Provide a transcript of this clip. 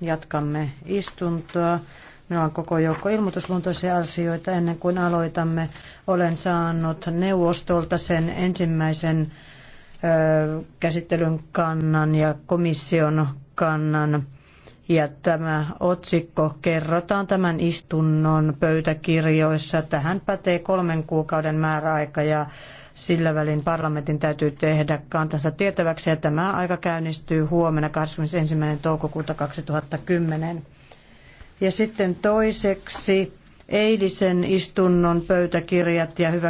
Jatkamme istuntoa. Meillä on koko joukko ilmoitusluontoisia asioita. Ennen kuin aloitamme, olen saanut neuvostolta sen ensimmäisen ö, käsittelyn kannan ja komission kannan ja tämä otsikko kerrotaan tämän istunnon pöytäkirjoissa. Tähän pätee kolmen kuukauden määräaika ja sillä välin parlamentin täytyy tehdä kantansa tietäväksi ja tämä aika käynnistyy huomenna 21. toukokuuta 2010. Ja sitten toiseksi eilisen istunnon pöytäkirjat ja hyvä